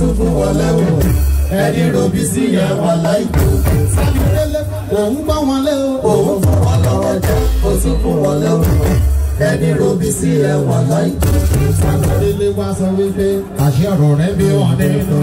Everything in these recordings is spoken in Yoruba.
sún fún wọn lẹ́wọ̀n ẹni robi sí yẹn wà láìpẹ́. sami délé òun gbọ́ wọn lé o òun fún wọn lọ́wọ́ jẹ́ ó sún fún wọn lẹ́wọ̀n ẹni robi sí yẹn wà láìpẹ́. sami délé wá sọ wípé àṣẹ ọ̀rọ̀ rẹ bí wọ́n nínú.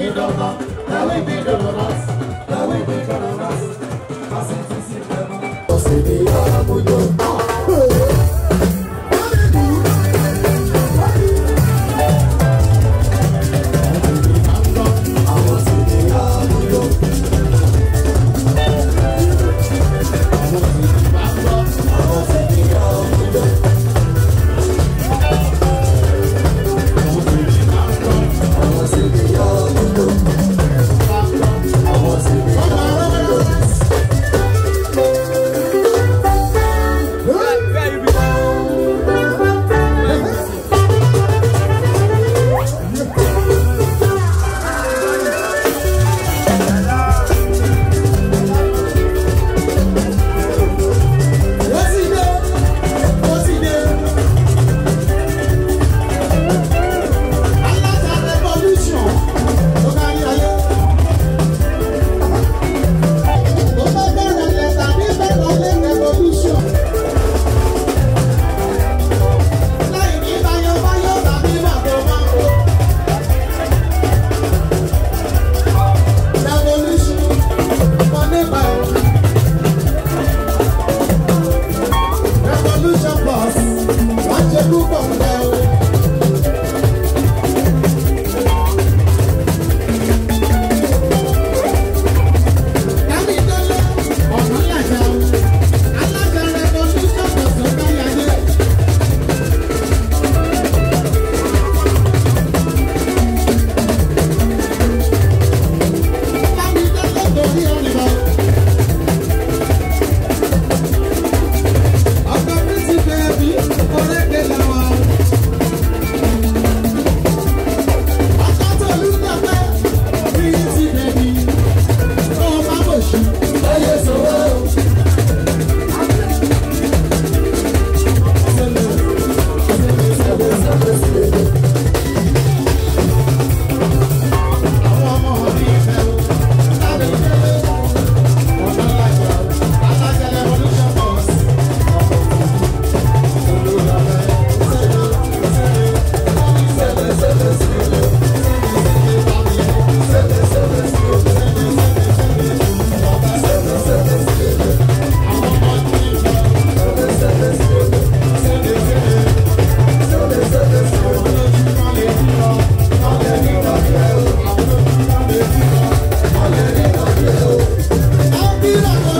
be done be done on us. That be done on I said to see I said to see them.